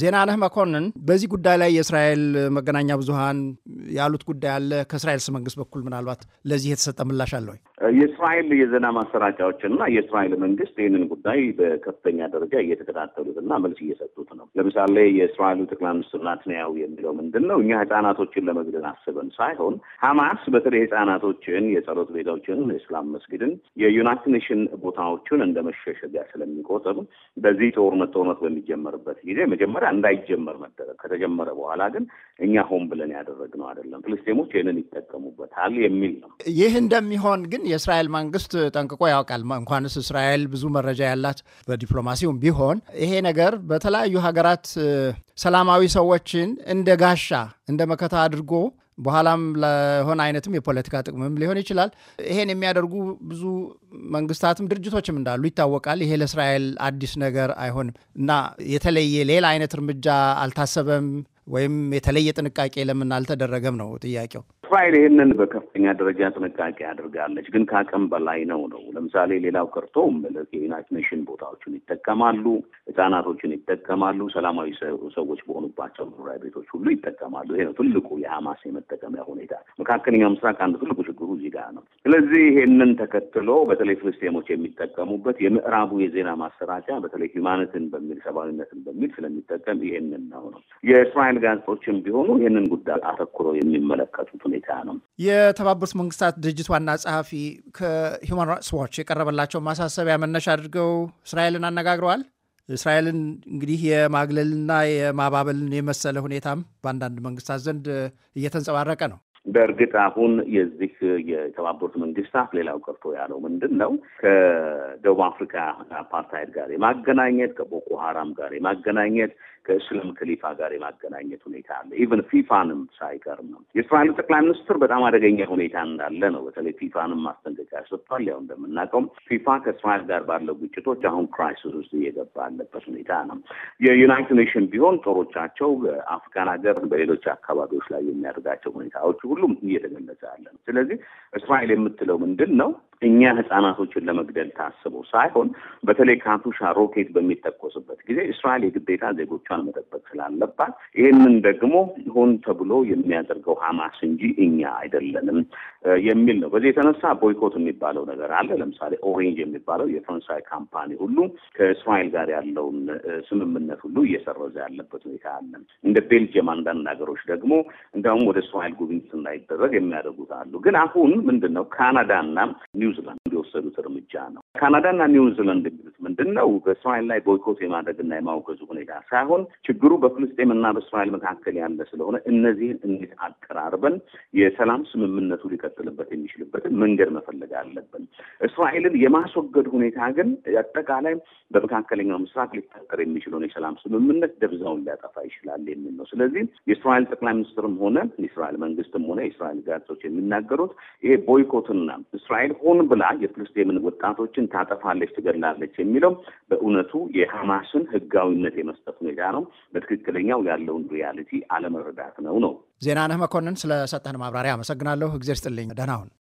ዜናነህ መኮንን በዚህ ጉዳይ ላይ የእስራኤል መገናኛ ብዙሃን ያሉት ጉዳይ አለ። ከእስራኤል መንግስት በኩል ምናልባት ለዚህ የተሰጠ ምላሽ አለ ወይ? የእስራኤል የዜና ማሰራጫዎችና የእስራኤል መንግስት ይህንን ጉዳይ በከፍተኛ ደረጃ እየተከታተሉትና መልስ እየሰጡት ነው። ለምሳሌ የእስራኤሉ ጠቅላይ ሚኒስትር ናትንያው የሚለው ምንድን ነው? እኛ ህጻናቶችን ለመግደል አስበን ሳይሆን ሀማስ በተለይ ህጻናቶችን፣ የጸሎት ቤቶችን፣ እስላም መስጊድን፣ የዩናይትድ ኔሽን ቦታዎችን እንደ መሸሸጊያ ስለሚቆጥር በዚህ ጦርነት ጦርነት በሚጀመርበት ጊዜ መጀመሪያ እንዳይጀመር መደረግ ከተጀመረ በኋላ ግን እኛ ሆን ብለን ያደረግነው አይደለም፣ ፍልስጤሞች ይህንን ይጠቀሙበታል የሚል ነው። ይህ እንደሚሆን ግን የእስራኤል መንግስት ጠንቅቆ ያውቃል። እንኳንስ እስራኤል ብዙ መረጃ ያላት በዲፕሎማሲውም ቢሆን ይሄ ነገር በተለያዩ ሀገራት ሰላማዊ ሰዎችን እንደ ጋሻ እንደ መከታ አድርጎ በኋላም ለሆነ አይነትም የፖለቲካ ጥቅምም ሊሆን ይችላል። ይሄን የሚያደርጉ ብዙ መንግስታትም ድርጅቶችም እንዳሉ ይታወቃል። ይሄ ለእስራኤል አዲስ ነገር አይሆንም እና የተለየ ሌላ አይነት እርምጃ አልታሰበም ወይም የተለየ ጥንቃቄ ለምን አልተደረገም ነው ጥያቄው። እስራኤል ይህንን በከፍተኛ ደረጃ ጥንቃቄ አድርጋለች፣ ግን ከአቅም በላይ ነው ነው። ለምሳሌ ሌላው ቀርቶ የዩናይትድ ኔሽን ቦታዎችን ይጠቀማሉ፣ ህጻናቶችን ይጠቀማሉ፣ ሰላማዊ ሰዎች በሆኑባቸው መኖሪያ ቤቶች ሁሉ ይጠቀማሉ። ይሄ ነው ትልቁ የሀማስ የመጠቀሚያ ሁኔታ። መካከለኛው ምስራቅ አንዱ ትልቁ ችግሩ እዚህ ጋር ነው። ስለዚህ ይህንን ተከትሎ በተለይ ፍልስጤሞች የሚጠቀሙበት የምዕራቡ የዜና ማሰራጫ በተለይ ሂውማንትን በሚል ሰብአዊነትን በሚል ስለሚጠቀም ይህንን ነው ነው የእስራኤል ጋዜጦችም ቢሆኑ ይህንን ጉዳይ አተኩረው የሚመለከቱት ሁኔታ የተባበሩት መንግስታት ድርጅት ዋና ጸሐፊ ከሂውማን ራይትስ ዋች የቀረበላቸው ማሳሰቢያ መነሻ አድርገው እስራኤልን አነጋግረዋል። እስራኤልን እንግዲህ የማግለልና የማባበልን የመሰለ ሁኔታም በአንዳንድ መንግስታት ዘንድ እየተንጸባረቀ ነው። በእርግጥ አሁን የዚህ የተባበሩት መንግስታት ሌላው ቀርቶ ያለው ምንድን ነው ከደቡብ አፍሪካ አፓርታይድ ጋር የማገናኘት ከቦኮ ሀራም ጋር የማገናኘት ከእስልም ክሊፋ ጋር የማገናኘት ሁኔታ አለ። ኢቨን ፊፋንም ሳይቀር ነው የእስራኤሉ ጠቅላይ ሚኒስትር በጣም አደገኛ ሁኔታ እንዳለ ነው። በተለይ ፊፋንም ማስጠንቀቂያ ሰጥቷል። ያው እንደምናውቀውም ፊፋ ከእስራኤል ጋር ባለው ግጭቶች አሁን ክራይሲስ ውስጥ እየገባ ያለበት ሁኔታ ነው። የዩናይትድ ኔሽን ቢሆን ጦሮቻቸው በአፍሪካን ሀገር፣ በሌሎች አካባቢዎች ላይ የሚያደርጋቸው ሁኔታዎች ሁሉም እየተገለጸ ያለ ነው። ስለዚህ እስራኤል የምትለው ምንድን ነው? እኛ ህጻናቶችን ለመግደል ታስቦ ሳይሆን በተለይ ካቱሻ ሮኬት በሚተኮስበት ጊዜ እስራኤል የግዴታ ዜጎቿን መጠበቅ ስላለባት ይህንን ደግሞ ሆን ተብሎ የሚያደርገው ሀማስ እንጂ እኛ አይደለንም የሚል ነው። በዚህ የተነሳ ቦይኮት የሚባለው ነገር አለ። ለምሳሌ ኦሬንጅ የሚባለው የፈረንሳይ ካምፓኒ ሁሉ ከእስራኤል ጋር ያለውን ስምምነት ሁሉ እየሰረዘ ያለበት ሁኔታ አለ። እንደ ቤልጅየም አንዳንድ ሀገሮች ደግሞ እንዲሁም ወደ እስራኤል ጉብኝት እንዳይደረግ የሚያደርጉት አሉ። ግን አሁን ምንድን ነው ካናዳና ኒውዚላንድ የወሰዱት እርምጃ ነው። ካናዳና ኒውዚላንድ ምንድን ነው በእስራኤል ላይ ቦይኮት የማድረግና የማውገዙ ሁኔታ ሳይሆን ችግሩ በፍልስጤምና በእስራኤል መካከል ያለ ስለሆነ እነዚህን እንዴት አቀራርበን የሰላም ስምምነቱ ሊቀጥልበት የሚችልበትን መንገድ መፈለግ አለብን። እስራኤልን የማስወገድ ሁኔታ ግን አጠቃላይ በመካከለኛው ምስራቅ ሊፈጠር የሚችለውን የሰላም ስምምነት ደብዛውን ሊያጠፋ ይችላል የሚል ነው። ስለዚህ የእስራኤል ጠቅላይ ሚኒስትርም ሆነ የእስራኤል መንግስትም ሆነ የእስራኤል ጋዜጦች የሚናገሩት ይሄ ቦይኮትና እስራኤል ሆን ብላ የፍልስጤምን ወጣቶችን ታጠፋለች፣ ትገላለች የሚለው በእውነቱ የሐማስን ህጋዊነት የመስጠት ሁኔታ ነው። በትክክለኛው ያለውን ሪያሊቲ አለመረዳት ነው ነው። ነህ መኮንን ስለሰጠህን ማብራሪያ አመሰግናለሁ። እግዜር ስጥልኝ። ደህና